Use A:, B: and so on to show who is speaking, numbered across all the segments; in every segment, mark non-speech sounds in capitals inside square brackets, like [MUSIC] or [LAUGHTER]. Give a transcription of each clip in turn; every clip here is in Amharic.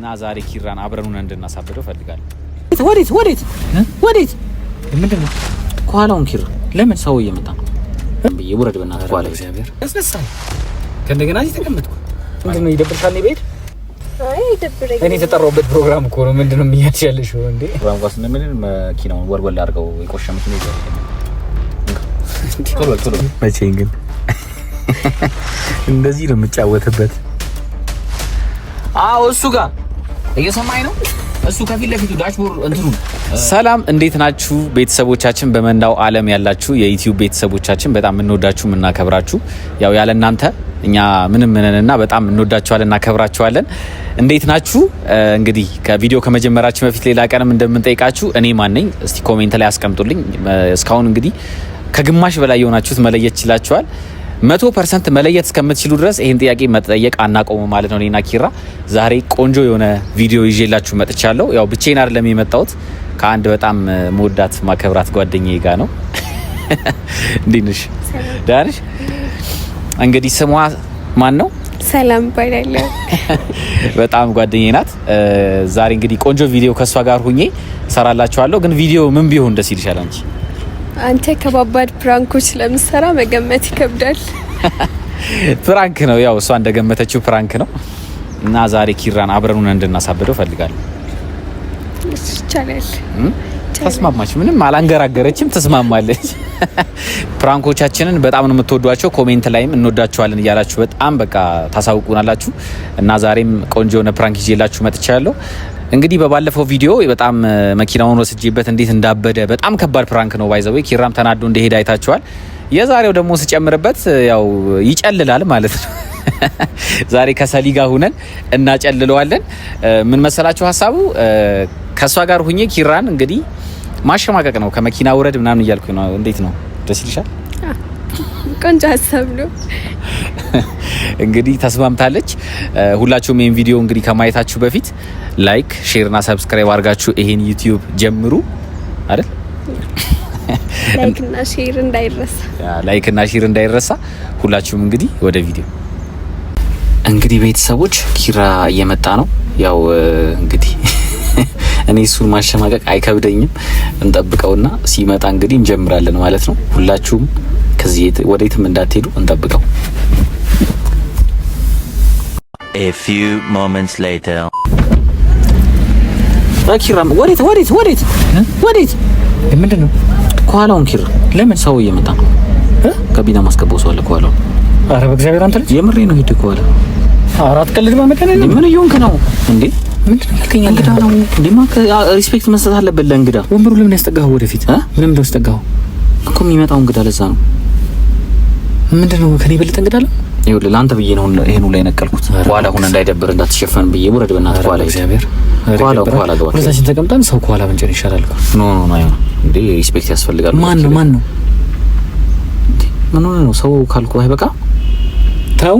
A: እና ዛሬ ኪራን አብረኑን እንድናሳብደው ፈልጋለሁ።
B: ወዴት ወዴት ወዴት? ምንድን ነው? ከኋላውን ኪራ ለምን ሰው እየመጣ ነው? ውረድ በእናትህ ከኋላ እግዚአብሔር
A: ያስነሳል። ከእንደገና እዚህ ተቀመጥኩ። ምንድን ነው ይደብርሻል? እኔ ቤት እኔ የተጠራሁበት ፕሮግራም እኮ ነው። ምንድን ነው የሚያልሽ ያለሽ እንዴ?
B: ፕሮግራም ኳስ እንደምንል መኪናውን ወልወል አድርገው የቆሸሙት ነው ይዘ
A: ቶሎ ቶሎ
C: መቼም ግን እንደዚህ ነው የምጫወትበት።
A: አዎ እሱ ጋር እየሰማኝ ነው። እሱ ከፊት ለፊቱ ዳሽቦርድ እንትኑ። ሰላም እንዴት ናችሁ ቤተሰቦቻችን፣ በመላው ዓለም ያላችሁ የዩቲዩብ ቤተሰቦቻችን በጣም እንወዳችሁ የምናከብራችሁ፣ ያው ያለ እናንተ እኛ ምንም ምንንና በጣም እንወዳችኋለን እናከብራችኋለን። እንዴት ናችሁ? እንግዲህ ከቪዲዮ ከመጀመራችን በፊት ሌላ ቀንም እንደምንጠይቃችሁ እኔ ማን ነኝ እስቲ ኮሜንት ላይ አስቀምጡልኝ። እስካሁን እንግዲህ ከግማሽ በላይ የሆናችሁት መለየት ችላችኋል። መቶ ፐርሰንት መለየት እስከምትችሉ ድረስ ይህን ጥያቄ መጠየቅ አናቆሙ ማለት ነው። እኔና ኪራ ዛሬ ቆንጆ የሆነ ቪዲዮ ይዤላችሁ መጥቻለሁ። ያው ብቼን አይደለም የመጣሁት ከአንድ በጣም መወዳት ማከብራት ጓደኛዬ ጋር ነው። [LAUGHS] እንዴት ነሽ? ደህና ነሽ? እንግዲህ ስሟ ማን ነው?
D: ሰላም ባይዳለሁ።
A: [LAUGHS] በጣም ጓደኛዬ ናት። ዛሬ እንግዲህ ቆንጆ ቪዲዮ ከእሷ ጋር ሁኜ ሰራላችኋለሁ። ግን ቪዲዮ ምን ቢሆን ደስ ይልሻል አንቺ?
D: አንተ ከባባድ ፕራንኮች ስለምሰራ መገመት ይከብዳል።
A: [LAUGHS] ፕራንክ ነው ያው እሷ እንደገመተችው ፕራንክ ነው እና ዛሬ ኪራን አብረኑን እንድናሳብደው ፈልጋለሁ።
D: ይቻላል
A: ተስማማች። ምንም አላንገራገረችም፣ ተስማማለች። ፕራንኮቻችንን በጣም ነው የምትወዷቸው። ኮሜንት ላይም እንወዳቸዋለን እያላችሁ በጣም በቃ ታሳውቁናላችሁ እና ዛሬም ቆንጆ የሆነ ፕራንክ ይዤላችሁ መጥቻለሁ። እንግዲህ በባለፈው ቪዲዮ በጣም መኪናውን ወስጄበት እንዴት እንዳበደ በጣም ከባድ ፕራንክ ነው። ባይዘዌ ኪራም ተናዶ እንደሄደ አይታችኋል። የዛሬው ደግሞ ስጨምርበት ያው ይጨልላል ማለት ነው። [LAUGHS] ዛሬ ከሰሊ ጋር ሁነን እናጨልለዋለን። ምን መሰላችሁ ሀሳቡ ከእሷ ጋር ሁኜ ኪራን እንግዲህ ማሸማቀቅ ነው። ከመኪና ውረድ ምናምን እያልኩ ነው። እንዴት ነው? ደስ ይልሻል? [LAUGHS]
D: ቆንጆ ሀሳብ ነው።
A: [LAUGHS] እንግዲህ ተስማምታለች። ሁላችሁም ይህን ቪዲዮ እንግዲህ ከማየታችሁ በፊት ላይክ፣ ሼር እና ሰብስክራይብ አድርጋችሁ ይሄን ዩቲዩብ ጀምሩ አይደል? [LAUGHS]
D: ላይክና ሼር
A: እንዳይረሳ፣ ሼር እንዳይረሳ። ሁላችሁም እንግዲህ ወደ ቪዲዮ እንግዲህ ቤተሰቦች ኪራ እየመጣ ነው። ያው እንግዲህ እኔ እሱን ማሸማቀቅ አይከብደኝም። እንጠብቀውና ሲመጣ እንግዲህ እንጀምራለን ማለት ነው። ሁላችሁም ከዚህ ወዴትም እንዳትሄዱ እንጠብቀው። A few
B: moments later ወዴት ወዴት ወዴት ወዴት? ምንድን ነው ከኋላውን? ለምን ሰው እየመጣ ነው? ከቢና ማስገባው ሰው አለ ከኋላው።
A: አረ በእግዚአብሔር አንተ ልጅ
B: የምሬ ነው። ሂድ ከኋላ አራት ቀልድ ምን እየሆንክ ነው
A: እንዴ? ሪስፔክት መስጠት አለበት ለእንግዳ።
B: ወንበሩ ለምን ያስጠጋኸው? ወደፊት ምንም ደው ያስጠጋኸው እኮ የሚመጣው እንግዳ ለዛ ነው።
A: ምንድን ነው ከኔ የበለጠ እንግዳ አለ?
B: ይኸውልህ ለአንተ ብዬ ነው ይሄን ሁላ የነቀልኩት። ኋላ ሁን እንዳይደብር እንዳትሸፈን ብዬ ወረድ። በእናትህ ኋላ እግዚአብሔር ኋላ ኋላ ገባ።
A: ሁለታችን ተቀምጠን ሰው ከኋላ መንጨን ይሻላል።
B: ኖ ኖ ኖ፣ እንዴ ሪስፔክት ያስፈልጋል። ማን ነው ማን ነው? ምን ሆነህ ነው ሰው ካልኩ አይበቃ
A: ተው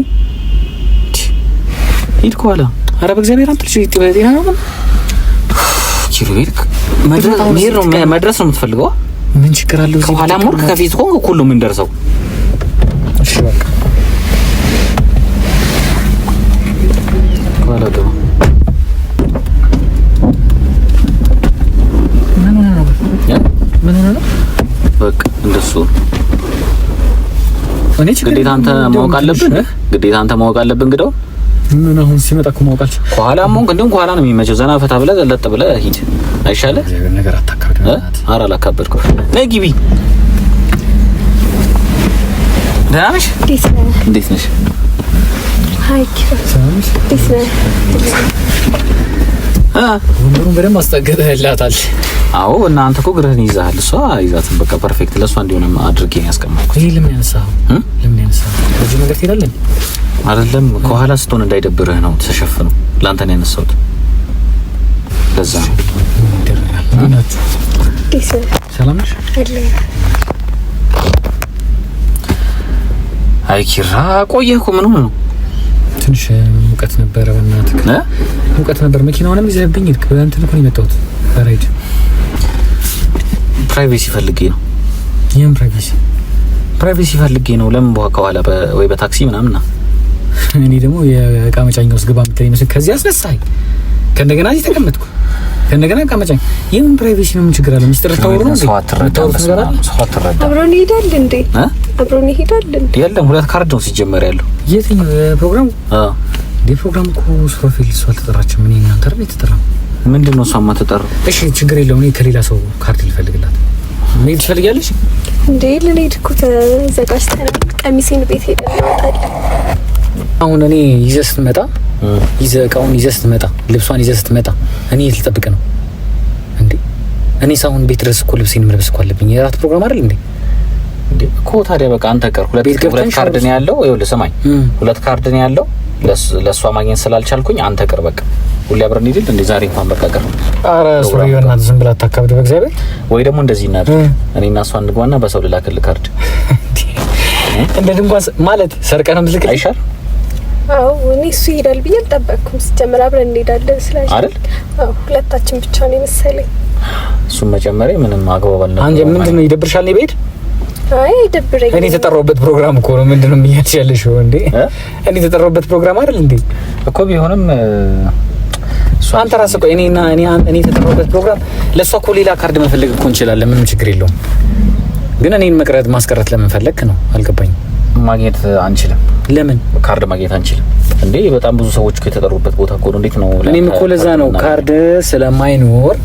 A: ሂድ ከኋላ። ኧረ በእግዚአብሔር አንተ ልጅ ጤና ነው ግን
B: ኪሩቤል መድረስ ነው የምትፈልገው? ምን ችግር አለው? ከኋላ ሞርክ ከፊት ሆን ሁሉ ምን ደርሰው። እሺ በቃ ምን ሆነ ነው? በቃ እንደሱ ግዴታ አንተ ማወቅ አለብን። ግዴታ አንተ ማወቅ አለብን ግደው
A: ምን አሁን ሲመጣ እኮ ማውቃት
B: ከኋላ ሞን ግን ከኋላ ነው የሚመቸው። ዘና ፈታ ብለህ ለጥ ብለህ ሂድ አይሻለ? ነገር አታካብድ። ኧረ አላካበድኩም። ነይ ግቢ። ደህና ነሽ? እንዴት ነሽ?
A: ወንበሩን በደንብ አስጠገጠህላታል?
B: አዎ። እናንተ እኮ ግርህን ይዛሃል፣ እሷ ይዛትን በቃ ፐርፌክት። ለእሷ እንዲሆንም አድርጌ ያስቀመጥኩት።
A: ይህ ለምን ያነሳኸው? ለምን ያነሳኸው? በዚህ መንገድ ትሄዳለን
B: አይደለም? ከኋላ ስትሆን እንዳይደብርህ ነው ተሸፍነው። ለአንተ ነው ያነሳሁት። ለዛ ነው። ሰላም ቆየህ እኮ ምን ሆነህ ነው?
A: ትንሽ ሙቀት ነበረ። በእናትህ ሙቀት ነበር። መኪናውንም ይዘህብኝ ሄድክ። በእንትን እኮ ነው የመጣሁት በራይድ
B: ፕራይቬሲ ፈልጌ ነው። ይህም ፕራይቬሲ ፕራይቬሲ ፈልጌ ነው። ለምን በኋላ ከኋላ ወይ በታክሲ ምናምን ና
A: እኔ ደግሞ የእቃ መጫኛ ውስጥ ግባ የምትለኝ መስል ከዚህ አስነሳኝ። ከእንደገና እዚህ ተቀመጥኩ። ከእንደገና ቀመጨኝ። የምን ፕራይቬሲ ነው? ምን ችግር አለ? ሚስጥር
B: ታወሩ ነው። ሰው አትረዳም።
A: ሰው አትረዳም።
D: አብሮን ይሄዳል እንዴ? አብሮን ይሄዳል እንዴ?
B: የለም ሁለት ካርድ ነው ሲጀመር ያለው።
A: የትኛው ፕሮግራም? አዎ እንዴ ፕሮግራም እኮ ሱራፌል እሷ አልተጠራችም። ምን እናንተ አይደል የተጠራው?
B: ምንድን ነው እሷማ ተጠራው።
A: እሺ ችግር የለውም። እኔ ከሌላ ሰው ካርድ ልፈልግላት። ምን ትፈልጊያለሽ
D: እንዴ? ልንሄድ እኮ ተዘጋጅተናል። ቀሚሴን ቤት ሄደን እንወጣለን።
A: አሁን እኔ ይዘህ ስትመጣ ይዘህ እቃውን ይዘህ ስትመጣ ልብሷን ይዘህ ስትመጣ እኔ ልጠብቅ ነው እንዴ? እኔ ሳሁን ቤት ድረስ እኮ ልብሴን መልበስ እኮ አለብኝ። የራት ፕሮግራም አይደል
B: እንዴ? እኮ ታዲያ በቃ አንተ ቀር ሁለት ሁለት ካርድ ነው ያለው። ይኸውልህ ስማኝ፣ ሁለት ካርድ ነው ያለው ለእሷ ማግኘት ስላልቻልኩኝ አንተ ቅር በቃ ሁሌ አብረን ይድል እንዴ ዛሬ እንኳን በቃ ቅር።
A: አረ ሱሪ በእናትህ ዝም ብላ ታካብድ በእግዚአብሔር።
B: ወይ ደግሞ እንደዚህ እናድርግ፣ እኔ እና እሷ እንግባና በሰው ልላክልህ ካርድ
A: እንደ ድንኳን ማለት ሰርቀንም
B: ልክ አይሻል
D: አዎ እኔ እሱ ይሄዳል ብዬ አልጠበቅኩም። ሲጀምር አብረን እንሄዳለን ስላሽ አይደል? አዎ ሁለታችን ብቻ ነው የመሰለኝ።
B: እሱም መጨመሪያ ምንም አግባብ አለ
A: አንጀ ምንድን ነው ይደብርሻል? እኔ ብሄድ
D: አይ ይደብረኝ።
A: እኔ የተጠራሁበት ፕሮግራም እኮ ነው። ምንድን ነው የሚያልሽ ያለሽ እንዴ? እኔ የተጠራሁበት ፕሮግራም አይደል እንዴ? እኮ ቢሆንም አንተ ራስህ ቆይ፣ እኔና እኔ እኔ የተጠራሁበት ፕሮግራም ለእሷ እኮ ሌላ ካርድ መፈለግ እኮ እንችላለን። ምንም ችግር የለውም። ግን እኔን መቅረት ማስቀረት ለምን ፈለክ ነው አልገባኝም።
B: ማግኘት አንችልም። ለምን ካርድ ማግኘት አንችልም እንዴ? በጣም ብዙ ሰዎች የተጠሩበት ቦታ እኮ ነው። እንዴት ነው?
A: እኔም እኮ ለዛ ነው ካርድ ስለማይኖር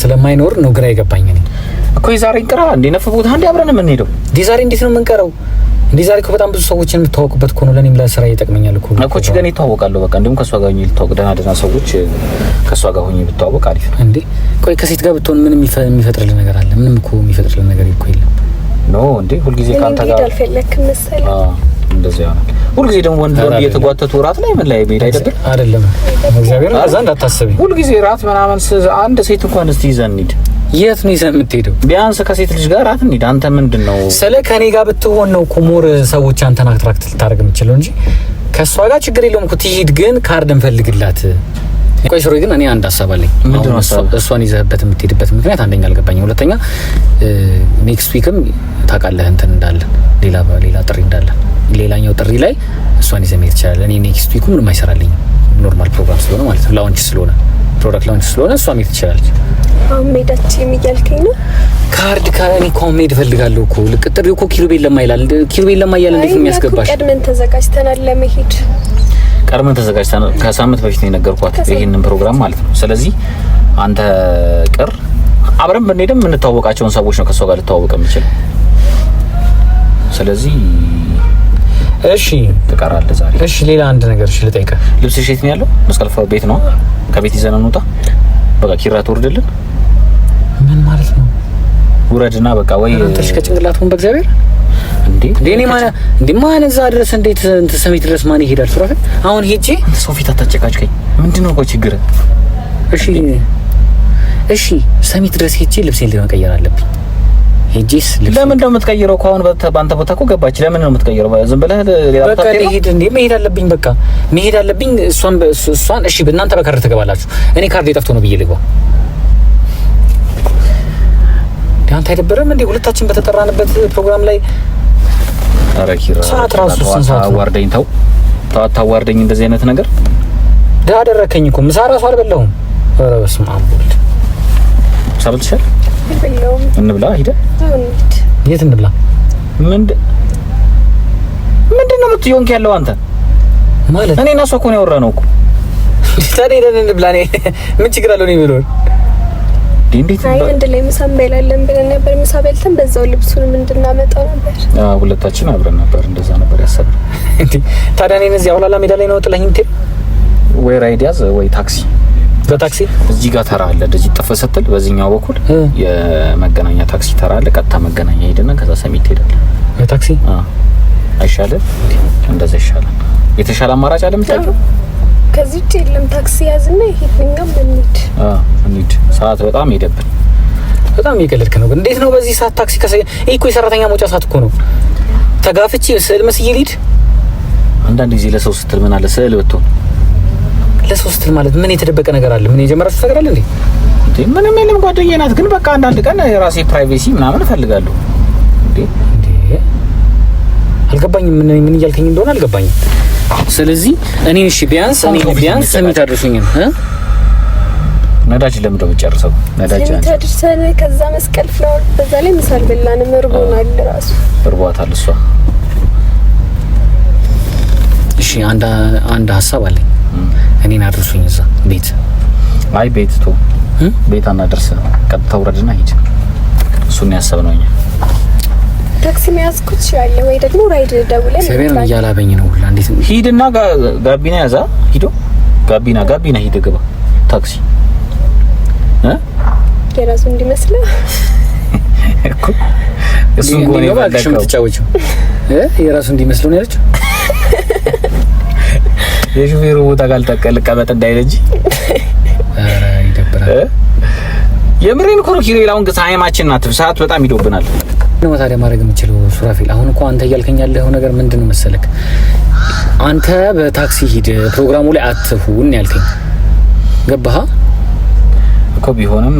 A: ስለማይኖር ነው ግራ የገባኝ። እኔ
B: እኮ የዛሬ እንቀራ እንዴ ነፍ ቦታ እንዴ አብረን የምንሄደው
A: እንዴ? ዛሬ እንዴት ነው የምንቀረው እንዴ? ዛሬ እኮ በጣም ብዙ ሰዎችን የምታወቅበት እኮ ነው። ለእኔም ለስራ ይጠቅመኛል እኮ
B: እኮ ኮች ጋር ይተዋወቃለሁ። በቃ እንዲሁም ከእሷ ጋር ሆኜ ልተዋወቅ። ደህና ደህና ሰዎች ከእሷ ጋር ሆኜ ብተዋወቅ አሪፍ
A: ነው እንዴ? ቆይ ከሴት ጋር ብትሆን ምን የሚፈጥርልህ ነገር አለ? ምንም እኮ የሚፈጥርልህ ነገር እኮ የለም።
B: ኖ እንዴ ሁልጊዜ ካንተ ጋር
D: አልፈለክም መሰለኝ። አዎ
B: እንደዚህ ሁልጊዜ ደግሞ ወንድ ወንድ እየተጓተቱ ላይ ምን ላይ መሄድ አይደለም። እግዚአብሔር አዛ
A: ሁልጊዜ ራት ምናምን አንድ ሴት እንኳን እስቲ ይዘን እንሂድ።
B: የት ነው ይዘን የምትሄደው?
A: ቢያንስ ከሴት ልጅ ጋር ራት እንሂድ። አንተ ምንድን ነው
B: ስለ ከኔ ጋር ብትሆን ነው እኮ ሰዎች አንተን አትራክት ልታደርግ የምችለው እንጂ ከእሷ ጋር ችግር የለውም እኮ ትሂድ፣ ግን ካርድ እንፈልግላት ቆይ ግን እኔ አንድ ሀሳብ አለኝ። እሷን ይዘህበት የምትሄድበት ምክንያት አንደኛ አልገባኝ፣ ሁለተኛ ኔክስት ዊክም ታውቃለህ እንትን እንዳለን ሌላ ሌላ ጥሪ እንዳለን ሌላኛው ጥሪ ላይ እሷን ይዘህ መሄድ ትችላለህ። እኔ ኔክስት ዊኩ ምንም አይሰራልኝም። ኖርማል ፕሮግራም ስለሆነ ማለት ነው። ላውንች ስለሆነ ፕሮዳክት ላውንች ስለሆነ እሷ ሜት ትችላለች።
D: አሜዳች የሚያልከኝ ነው።
A: ካርድ ካራኒ ኮሜድ ፈልጋለሁ እኮ ልቅጥር እኮ ኪሩቤል ለማ ይላል። ኪሩቤል ለማ እያለ እንዴት ነው የሚያስገባሽ?
D: ቀድመን ተዘጋጅተናል ለመሄድ
B: ቀድመን ተዘጋጅተናል። ከሳምንት በፊት ነው የነገርኳት ይሄንን ፕሮግራም ማለት ነው። ስለዚህ አንተ ቅር አብረን ብንሄድም የምንተዋወቃቸውን ሰዎች ነው ከሷ ጋር ልተዋወቅ የምችል ስለዚህ እሺ ትቀራለህ ዛሬ።
A: እሺ ሌላ አንድ ነገር እሺ ልጠይቅህ።
B: ልብስ የት ነው ያለው? መስቀልፋ ቤት ነው። ከቤት ይዘን እንውጣ። በቃ ኪራ ትወርድልን። ምን ማለት ነው? ውረድና በቃ ወይ
A: እንትሽ ከጭንቅላት ሁን በእግዚአብሔር። እንዴ እኔ ማን እንዴ ማን እዛ ድረስ እንዴት እንት ሰሜት ድረስ ማን ይሄዳል? ፍራፍ አሁን ሄጄ
B: ሰው ፊት አታጨቃጭቀኝ። ምንድነው ነው ቆይ ችግር?
A: እሺ እሺ ሰሜት ድረስ ሄጄ ልብሴን ለመቀየር አለብኝ። ሄጂስ
B: ለምን ነው የምትቀይረው? ከአሁን አሁን በአንተ ቦታ እኮ ገባች። ለምን ነው የምትቀይረው? ዝም ብለህ
A: ሌላ ቦታ እንዴ? መሄድ አለብኝ፣ በቃ መሄድ አለብኝ። እሷን እሷን እሺ፣ እናንተ በካርድ ትገባላችሁ። እኔ ካርድ የጠፍቶ ነው ብዬ ልግባ። አንተ አይደበረም እንዴ? ሁለታችን በተጠራንበት ፕሮግራም ላይ ኧረ ሰዓት ራሱ
B: ስንት ሰዓት አዋርደኝ። ተው አታዋርደኝ። እንደዚህ አይነት ነገር
A: ዳ አደረከኝ እኮ ምሳ ራሱ አልበላሁም። ኧረ በስመ አብ ወልድ እንብላ ሂደህ የት እንብላ? ምንድን ነው የምትሆንክ ያለው አንተ ማለት
B: እኔ እና እሷ እኮ ነው ያወራነው እኮ።
A: ታዲያ ሄደን እንብላ እኔ ምን ችግር አለው? እኔ ብሎ
B: እንዴት
D: አይ አንድ ላይ ምሳ እንበላለን ብለን ነበር። ምሳ በልተን በዛው ልብሱንም እንድናመጣው ነበር።
B: አዎ ሁለታችን አብረን ነበር፣ እንደዛ ነበር ያሰብነው።
A: ታዲያ እኔን እዚህ አውላላ ሜዳ ላይ ነው ጥለኸኝ እንትን
B: ወይ ራይድ ያዝ ወይ ታክሲ በታክሲ እዚህ ጋር ተራ አለ። እንደዚህ ጥፍ ስትል በዚህኛው በኩል የመገናኛ ታክሲ ተራ አለ። ቀጥታ መገናኛ ሄደና ከዛ ሰሚት ትሄዳለህ በታክሲ አይሻልም? እንደዛ ይሻላል።
A: የተሻለ አማራጭ አለ የምታውቂው?
D: ከዚህ ውጭ የለም። ታክሲ ያዝና ይሄኛው እንሂድ።
B: እንሂድ። ሰዓት በጣም ሄደብን።
A: በጣም እየቀለድክ ነው። እንዴት ነው በዚህ ሰዓት ታክሲ ከሰ ይሄ እኮ የሰራተኛ መውጫ ሰዓት እኮ ነው። ተጋፍቼ ስዕል መስዬ ልሂድ።
B: አንዳንድ ጊዜ ለሰው ስትል ምን አለ ስዕል ብትሆን
A: ለሶስት ማለት ምን የተደበቀ ነገር አለ? ምን የጀመረ ነገር አለ እንዴ?
B: ምንም የለም። ጓደኛዬ ናት። ግን በቃ አንዳንድ ቀን የራሴ ፕራይቬሲ ምናምን እፈልጋለሁ። እንዴ
A: አልገባኝም። ምን ምን እያልከኝ እንደሆነ አልገባኝም። ስለዚህ እኔ እሺ፣ ቢያንስ እኔ ቢያንስ የሚታደርሱኝ
B: ነዳጅ ለምደው ጨርሰው
D: ነዳጅ ከዛ መስቀል ፍላወር በዛ ላይ ምሳል በላንም እርቦናል። ራሱ
B: እርቧታል እሷ
A: እሺ አንድ ሀሳብ አለኝ። እኔን አድርሱኝ እዛ ቤት።
B: አይ ቤት ቶ ቤት አናደርስ፣ ቀጥታ ውረድና ሂድ። እሱን ያሰብነው እኛ
D: ታክሲ መያዝኩት ያለ ወይ ደግሞ ራይድ ደውለን
A: ነው እያላበኝ ነው ሁላ።
B: እንዴት ሂድና ጋቢና ያዛ ሂዶ ጋቢና ጋቢና ሂድ ግባ ታክሲ እ
D: የራሱ እንዲመስል
B: እኮ እሱ ጎኔ ባልሽ የምትጫወችው
A: እ የራሱ እንዲመስለው ነው ያለችው [LAUGHS]
B: የሹፌሩ ቦታ ካልጠቀ ልቀመጥ እንዳይል እንጂ የምሬን ኮሮ ኪሪል አሁን ሳይማችን ናት። ሰዓት በጣም ይዶብናል።
A: ነው ታዲያ ማድረግ የምችለው ሱራፊል፣ አሁን እኮ አንተ እያልከኝ ያለው ነገር ምንድነው መሰለክ? አንተ በታክሲ ሂድ ፕሮግራሙ ላይ አትሁን ያልከኝ ገባህ?
B: እኮ ቢሆንም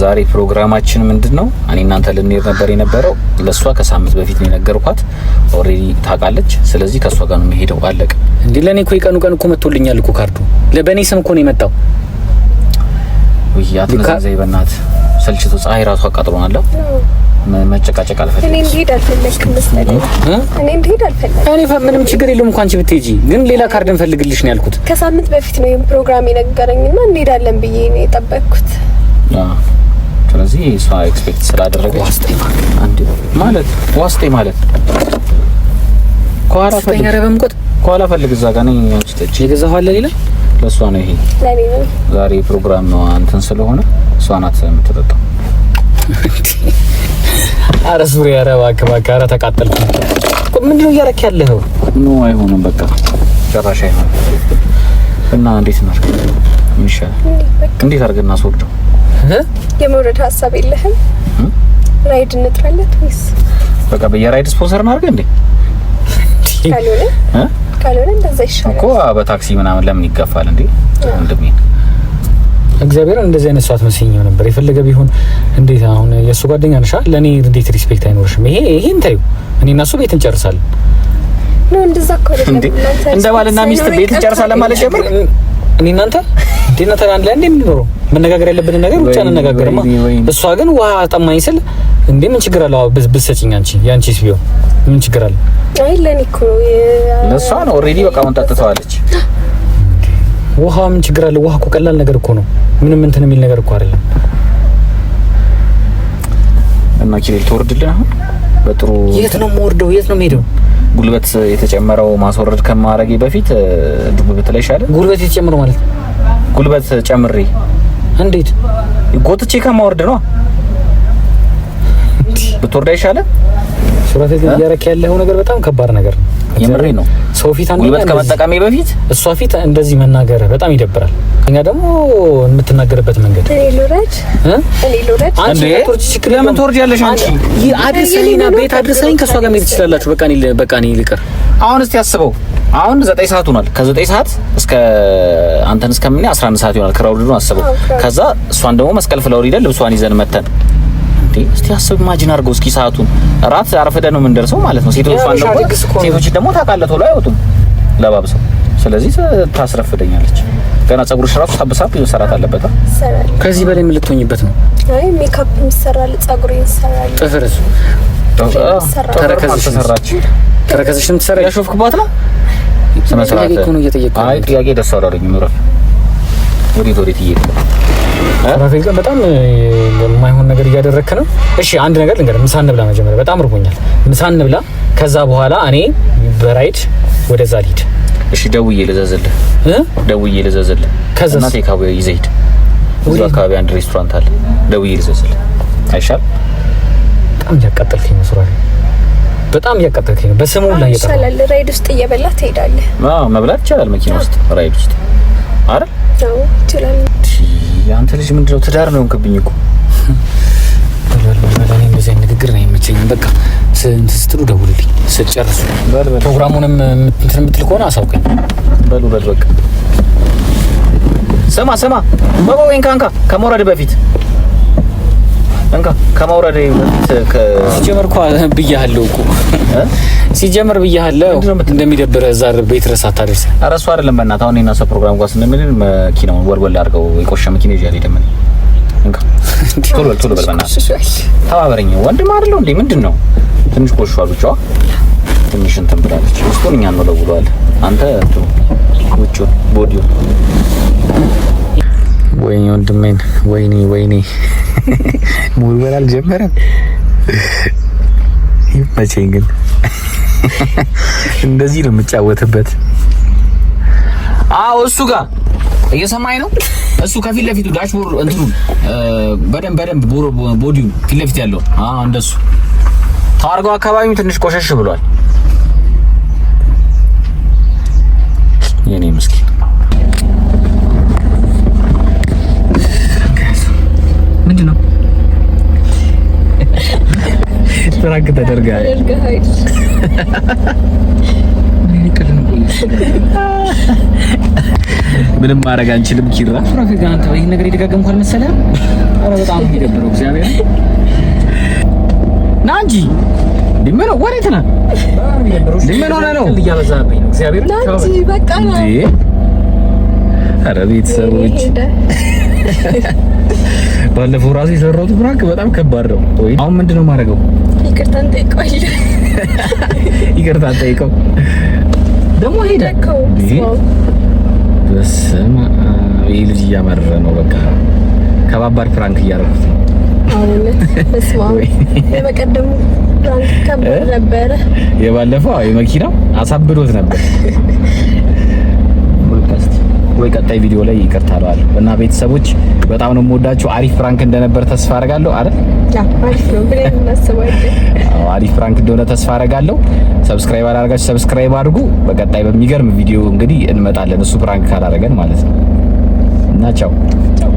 B: ዛሬ ፕሮግራማችን ምንድን ነው? እኔ እናንተ ልንሄድ ነበር የነበረው። ለእሷ ከሳምንት በፊት ነው የነገርኳት። ኦልሬዲ ታውቃለች። ስለዚህ ከእሷ ጋር ነው የሚሄደው። አለቅ
A: እንዲ ለእኔ እኮ የቀኑ ቀን እኮ መጥቶልኛል እኮ ካርዱ። በእኔ ስም እኮ ነው የመጣው።
B: ውይ አትመዘዘይ በእናትህ ሰልችቶ ፀሐይ ራሱ አቃጥሮናል። መጨቃጨቅ አልፈለግም።
D: እኔ እንድሄድ አልፈለግም።
A: ምንም ችግር የለውም እንኳን አንቺ ብትሄጂ፣ ግን ሌላ ካርድ እንፈልግልሽ ነው ያልኩት።
D: ከሳምንት በፊት ነው ይሄን ፕሮግራም የነገረኝና እንሄዳለን ብዬ ነው የጠበቅኩት።
B: ስለዚህ እሷ ኤክስፔክት ስላደረገች ዋስጤ ማለት ዋስጤ ማለት
A: ከኋላ
D: ፈልግ፣
B: ፈልግ እዛ ጋር ነው የገዛኸው አለ ሌላ ለእሷ ነው ይሄ ዛሬ ፕሮግራም ነው እንትን ስለሆነ እሷ ናት የምትጠጣው።
A: አረ ዙሪያ አረ እባክህ እባክህ፣ አረ ተቃጠልኩ። ምንድን ነው እያደረክ ያለኸው?
B: ኖ አይሆንም፣ በቃ ጨራሽ አይሆንም። እና እንዴት ነው ምን ይሻላል? እንዴት አድርገን እናስወርደው?
D: የመውረድ ሀሳብ የለህም? ራይድ እንጥራለት ወይስ
B: በቃ በየራይድ ስፖንሰር እናድርገህ እንዴ?
D: ካልሆነ ካልሆነ እንደዛ ይሻላል
B: እኮ በታክሲ ምናምን ለምን ይገፋል እንዴ? ወንድሜ
A: እግዚአብሔር እንደዚህ አይነት ሰዓት መስኝ ነበር የፈለገ ቢሆን። እንዴት አሁን የእሱ ጓደኛ ነሻ፣ ለእኔ እንዴት ሪስፔክት አይኖርሽም? ይሄ ይሄን ታዩ እኔ እና እሱ ቤት እንጨርሳለን። ነው እንደዛ እንደ ባልና ሚስት ቤት እንጨርሳለን ማለት ጀምር እኔ እናንተ ዲና ተናን ላይ እንደምንኖረው መነጋገር ያለብንን ነገር ብቻ እንነጋገርማ። እሷ ግን ውሃ አጠማኝ ስል እንዴ ምን ችግር አለው? ብትሰጪኝ አንቺ ያንቺ ሲዮ ምን ችግር አለ?
D: አይ ለኔ እኮ
B: እሷ ነው ኦልሬዲ በቃ ጠጥተዋለች።
A: ውሃ ምን ችግር አለ? ውሃ እኮ ቀላል ነገር እኮ ነው። ምንም እንትን የሚል ነገር እኮ አይደለም።
B: እና ኪሬል ትወርድልን አሁን በጥሩ
A: የት ነው የምወርደው? የት ነው የምሄደው?
B: ጉልበት የተጨመረው ማስወረድ ከማረጌ በፊት ጉልበት ላይ ይሻለ።
A: ጉልበት የተጨመረው ማለት
B: ጉልበት ጨምሬ
A: እንዴት ጎትቼ ከማወርድ ነው ብትወርድ ይሻለ።
B: ሱራፌ ግን እያረክ ያለው ነገር በጣም ከባድ ነገር ነው። የምሬ ነው። ሰው ፊት
A: ጉልበት ከመጠቀሜ በፊት
B: እሷ ፊት እንደዚህ መናገር በጣም ይደብራል። እኛ ደግሞ የምትናገርበት መንገድ
A: ለምን ትወርጃለሽ? አድርሰኝና ቤት አድርሰኝ፣ ከእሷ ጋር መሄድ ትችላላችሁ። በቃ በቃ ልቅር። አሁን እስቲ አስበው አሁን ዘጠኝ ሰዓት ሆኗል። ከዘጠኝ ሰዓት እስከ አንተን እስከምን አስራ አንድ ሰዓት ይሆናል። ክራውድዱን አስበው። ከዛ እሷን ደግሞ መስቀል ፍላወር ሂደን ልብሷን ይዘን መተን እስቲ አስብ፣ ኢማጂን አድርገው እስኪ ሰዓቱን ራት አርፍደ ነው የምንደርሰው ማለት ነው። ሴቶች ፋን ነው ሴቶች ደግሞ ታውቃለህ ቶሎ አይወጡም ለባብሰው። ስለዚህ ታስረፍደኛለች። ገና ጸጉርሽ ራሱ ታብሳብ ይሰራት አለበት። ከዚህ በላይ ምን ልትሆኝበት ነው?
D: አይ ሜካፕ ይሰራል፣ ጸጉር ይሰራል፣
B: ጥፍርስ ተረከዝሽ ተሰራች፣
A: ተረከዝሽም ትሰራለች። ያሾፍክባት ነው ስነ ስርዓት
B: ነው እየጠየቀ አይ ጥያቄ ደስ አላለኝም። ምረፍ ወዴት ወዴት እየሄድኩ
A: ራፌል ጋር በጣም የማይሆን ነገር እያደረክ ነው። እሺ አንድ ነገር ልንገርህ፣ ምሳ እንብላ መጀመሪያ፣ በጣም እርቦኛል። ምሳ እንብላ፣ ከዛ በኋላ እኔ በራይድ ወደዛ ልሂድ።
B: እሺ ደውዬ ልዘዝልህ እ ደውዬ ልዘዝልህ ከዛ እናቴ ካቦ ይዘይድ ብዙ አካባቢ አንድ ሬስቶራንት አለ፣ ደውዬ ልዘዝልህ አይሻል?
A: በጣም እያቃጠልከኝ ነው ሱራፌል፣ በጣም እያቃጠልከኝ ነው። በስሙ ላይ
D: ይሻላል። ራይድ ውስጥ እየበላ ትሄዳለህ።
B: አዎ መብላት ይቻላል መኪና ውስጥ ራይድ ውስጥ አይደል?
D: አዎ ይችላል።
B: አንተ ልጅ ምንድነው? ትዳር ነው እንክብኝ እኮ
A: እንደዚህ ንግግር ነው የምቸኝ። በቃ ስትሉ ደውልልኝ ስትጨርሱ። ፕሮግራሙንም እንትን የምትል ከሆነ አሳውቀኝ። በቃ ስማ ስማ፣ ካንካ ከመውረድ በፊት እንካ ከማውረድ በፊት
B: ሲጀመር እኮ ብያለሁ እኮ ሲጀመር ብያለሁ
A: እንደሚደብረ እዛ ቤት ረሳ ታደርስ
B: አረሱ አይደለም። በእናትህ አሁን የእናንተ ፕሮግራም ጋር ስንምል መኪናውን ወልወል አድርገው የቆሸ መኪና ይዤ አልሄድም። እንካ ቶሎ ቶሎ በል በእናትህ ተባበረኝ። ወንድም አይደለሁ እንዴ? ምንድን ነው ትንሽ ቆሽሿል፣ ብቻዋ ትንሽ እንትን ብላለች። ውስጡን እኛ እንወለውለዋለን። አንተ ውጭ ቦዲው
C: ወይኔ ወንድሜን፣ ወይኔ ወይኔ፣ ሙልበል [LAUGHS] አልጀመረም። ይመቸኝ ግን እንደዚህ ነው የምጫወትበት።
A: አዎ እሱ ጋር እየሰማኝ ነው። እሱ ከፊት ለፊቱ ዳሽቦርድ እንትኑ በደንብ በደንብ ቦዲው ፊት ለፊት ያለው እንደሱ ታርጋው አካባቢው ትንሽ ቆሸሽ ብሏል። የኔ ምስኪን
C: ፍራንክ ተደርገሃል።
A: ምንም ማድረግ አንችልም። ኪራ
B: ፍራንክ ጋር አንተ ይሄን ነገር የደጋገምኩ አልመሰለህም?
A: ኧረ በጣም የሚደብረው። እግዚአብሔር ና እንጂ ምን ወዴት ነህ? ምን
B: ነው?
D: ና እንጂ በቃ
A: ና።
C: ኧረ ቤተሰቦች
B: ባለፈው ራሱ የሰራሁት ፍራንክ በጣም ከባድ ነው።
A: ወይ አሁን ምንድን ነው የማደርገው?
D: ይቅርታ እንጠይቀዋለን።
A: [LAUGHS] ይቅርታ እንጠይቀው ደግሞ ሄደ።
B: በስመ አብ ይሄ ልጅ እያመረ ነው። በቃ ከባባድ ፕራንክ እያደረኩት ነው።
D: [LAUGHS] የበቀደሙ ፕራንክ ከባድ ነበረ።
A: የባለፈው የመኪናው አሳብዶት ነበር [LAUGHS]
B: ወይ ቀጣይ ቪዲዮ ላይ ይቅርታ እለዋለሁ። እና ቤተሰቦች በጣም ነው የምወዳችሁ። አሪፍ ፍራንክ እንደነበር ተስፋ አደርጋለሁ አይደል? አሪፍ ፍራንክ እንደሆነ ተስፋ አረጋለሁ። ሰብስክራይብ አላደርጋችሁ ሰብስክራይብ አድርጉ። በቀጣይ በሚገርም ቪዲዮ እንግዲህ እንመጣለን። እሱ ፍራንክ ካላደረገን ማለት ነው እና ቻው።